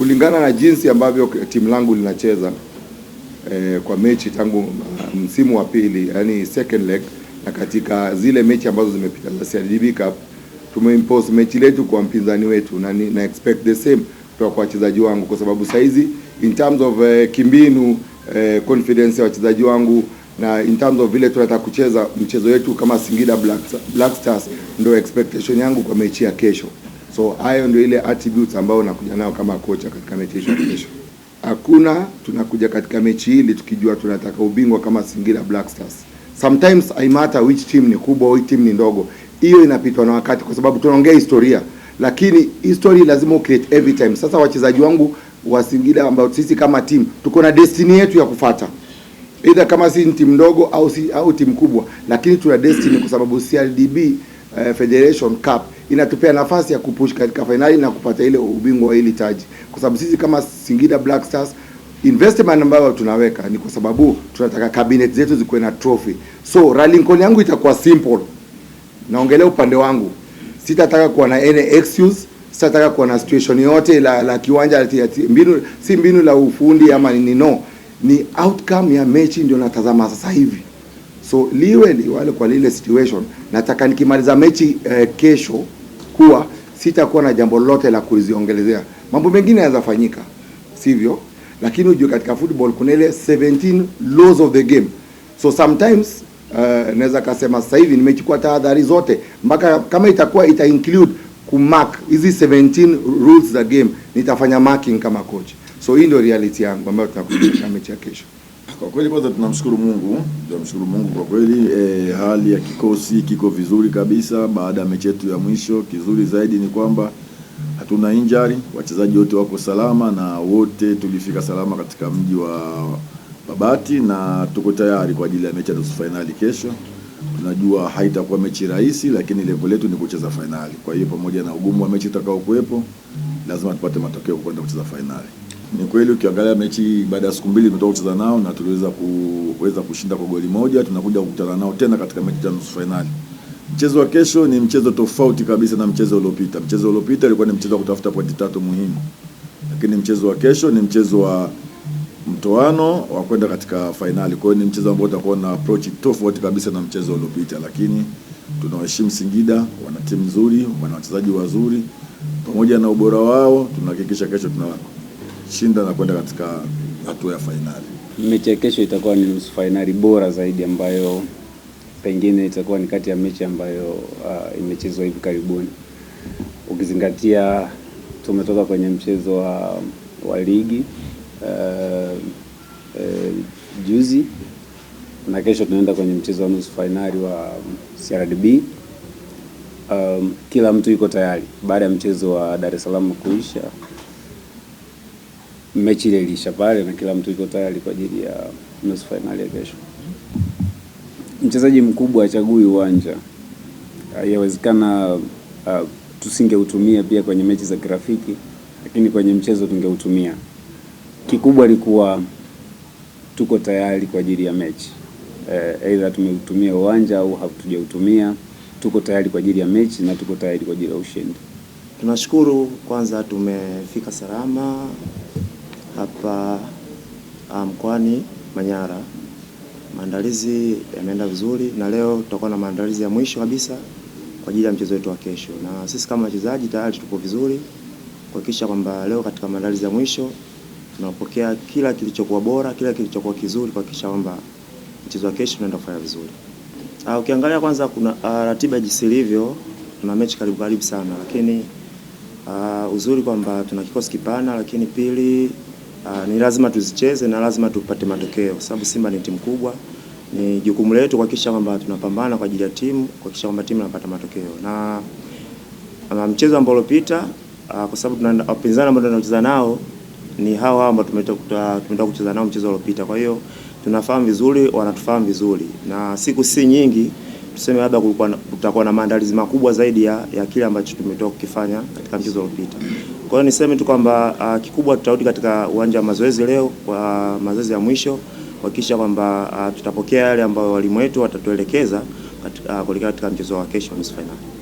kulingana na jinsi ambavyo timu langu linacheza eh, kwa mechi tangu ah, msimu wa pili, yani second leg, na katika zile mechi ambazo zimepita za CRDB Cup tumeimpose mechi letu kwa mpinzani wetu, na, na expect the same kutoka kwa wachezaji wangu, kwa sababu saizi in terms of eh, kimbinu eh, confidence ya wachezaji wangu na in terms of vile tunataka kucheza mchezo wetu kama Singida Black, Black Stars, ndio expectation yangu kwa mechi ya kesho. So hayo ndio ile attributes ambayo nakuja nayo kama kocha katika mechi ya kesho. Hakuna tunakuja katika mechi hili tukijua tunataka ubingwa kama Singida Black Stars. Sometimes I matter which team ni kubwa au team ni ndogo, hiyo inapitwa na wakati, kwa sababu tunaongea historia, lakini history lazima create every time. Sasa wachezaji wangu wa Singida ambao sisi kama team tuko na destiny yetu ya kufata. either kama si timu ndogo au si, au timu kubwa, lakini tuna destiny kwa sababu CRDB uh, eh, Federation Cup inatupea nafasi ya kupush katika fainali na kupata ile ubingwa wa hili taji, kwa sababu sisi kama Singida Black Stars investment ambayo tunaweka ni kwa sababu tunataka cabinet zetu zikuwe na trophy. So rallying call yangu itakuwa simple, naongelea upande wangu, sitataka kuwa na any excuse, sitataka kuwa na situation yote la, la kiwanja la mbinu, si mbinu la ufundi ama nini, no, ni outcome ya mechi ndio natazama sasa hivi. So liwe liwale kwa lile situation, nataka nikimaliza mechi eh, kesho kuwa sitakuwa na jambo lolote la kuziongelezea Mambo mengine yanaweza fanyika, sivyo? Lakini ujue katika football kuna ile 17 laws of the game, so sometimes uh, naweza kasema sasa hivi nimechukua tahadhari zote mpaka kama itakuwa ita include kumark hizi 17 rules za game, nitafanya marking kama coach. So hii ndio reality yangu ambayo tunakuja mechi ya kesho. Kwa kweli kwanza tunamshukuru Mungu, tunamshukuru Mungu kwa kweli e, hali ya kikosi kiko vizuri kabisa baada ya mechi yetu ya mwisho. Kizuri zaidi ni kwamba hatuna injury, wachezaji wote wako salama na wote tulifika salama katika mji wa Babati na tuko tayari kwa ajili ya mechi ya nusu fainali kesho. Tunajua haitakuwa mechi rahisi, lakini lengo letu ni kucheza fainali. Kwa hiyo pamoja na ugumu wa mechi kuepo lazima tupate matokeo kwenda kucheza fainali. Ni kweli ukiangalia mechi baada ya siku mbili tumetoka kucheza nao na tuliweza kuweza kushinda kwa goli moja. Tunakuja kukutana nao tena katika mechi ya nusu fainali. Mchezo wa kesho ni mchezo tofauti kabisa na mchezo uliopita. Mchezo uliopita ulikuwa ni mchezo wa kutafuta pointi tatu muhimu, lakini mchezo wa kesho ni mchezo wa mtoano wa kwenda katika fainali. Kwa hiyo ni mchezo ambao utakuwa na approach tofauti kabisa na mchezo uliopita, lakini tunawaheshimu Singida, wana timu nzuri, wana wachezaji wazuri, pamoja na ubora wao tunahakikisha kesho tunawako kushinda na kwenda katika hatua ya fainali. Mechi ya kesho itakuwa ni nusu fainali bora zaidi ambayo pengine itakuwa ni kati ya mechi ambayo uh, imechezwa hivi karibuni, ukizingatia tumetoka kwenye mchezo wa, wa ligi uh, uh, juzi na kesho tunaenda kwenye mchezo wa nusu fainali wa CRDB. Um, kila mtu yuko tayari baada ya mchezo wa Dar es Salaam kuisha mechi ile ilisha pale na kila mtu yuko tayari kwa ajili ya nusu fainali ya kesho. Mchezaji mkubwa achagui uwanja, yawezekana uh, ah, tusingeutumia pia kwenye mechi za kirafiki, lakini kwenye mchezo tungeutumia. Kikubwa ni kuwa tuko tayari kwa ajili ya mechi uh, eh, aidha tumeutumia uwanja au hatujautumia, tuko tayari kwa ajili ya mechi na tuko tayari kwa ajili ya ushindi. Tunashukuru kwanza, tumefika salama hapa ah, mkoani Manyara. Maandalizi yameenda vizuri na leo tutakuwa na maandalizi ya mwisho kabisa kwa ajili ya mchezo wetu wa kesho, na sisi kama wachezaji tayari tuko vizuri kuhakikisha kwamba leo katika maandalizi ya mwisho tunapokea kila kilichokuwa bora, kila kilichokuwa kizuri kuhakikisha kwamba mchezo wa kesho unaenda kufanya vizuri. Ah, ukiangalia kwanza kuna uh, ratiba jinsi ilivyo, tuna mechi karibu karibu sana, lakini uh, uzuri kwamba tuna kikosi kipana, lakini pili uh, ni lazima tuzicheze na lazima tupate matokeo, sababu Simba ni timu kubwa. Ni jukumu letu kuhakikisha kwamba tunapambana kwa ajili ya timu, kuhakikisha kwamba timu inapata matokeo na, ama mchezo ambao uliopita uh, kwa sababu tuna wapinzani ambao tunacheza nao ni hao hao ambao tumetoka kucheza nao mchezo uliopita. Kwa hiyo tunafahamu vizuri, wanatufahamu vizuri na siku si nyingi tuseme labda kutakuwa na maandalizi makubwa zaidi ya, ya kile ambacho tumetoka kukifanya katika mchezo uliopita. Kwa hiyo niseme tu kwamba uh, kikubwa tutarudi katika uwanja wa mazoezi leo kwa mazoezi ya mwisho kuhakikisha kwamba uh, tutapokea yale ambayo walimu wetu watatuelekeza katika, uh, katika mchezo wa kesho nusu fainali.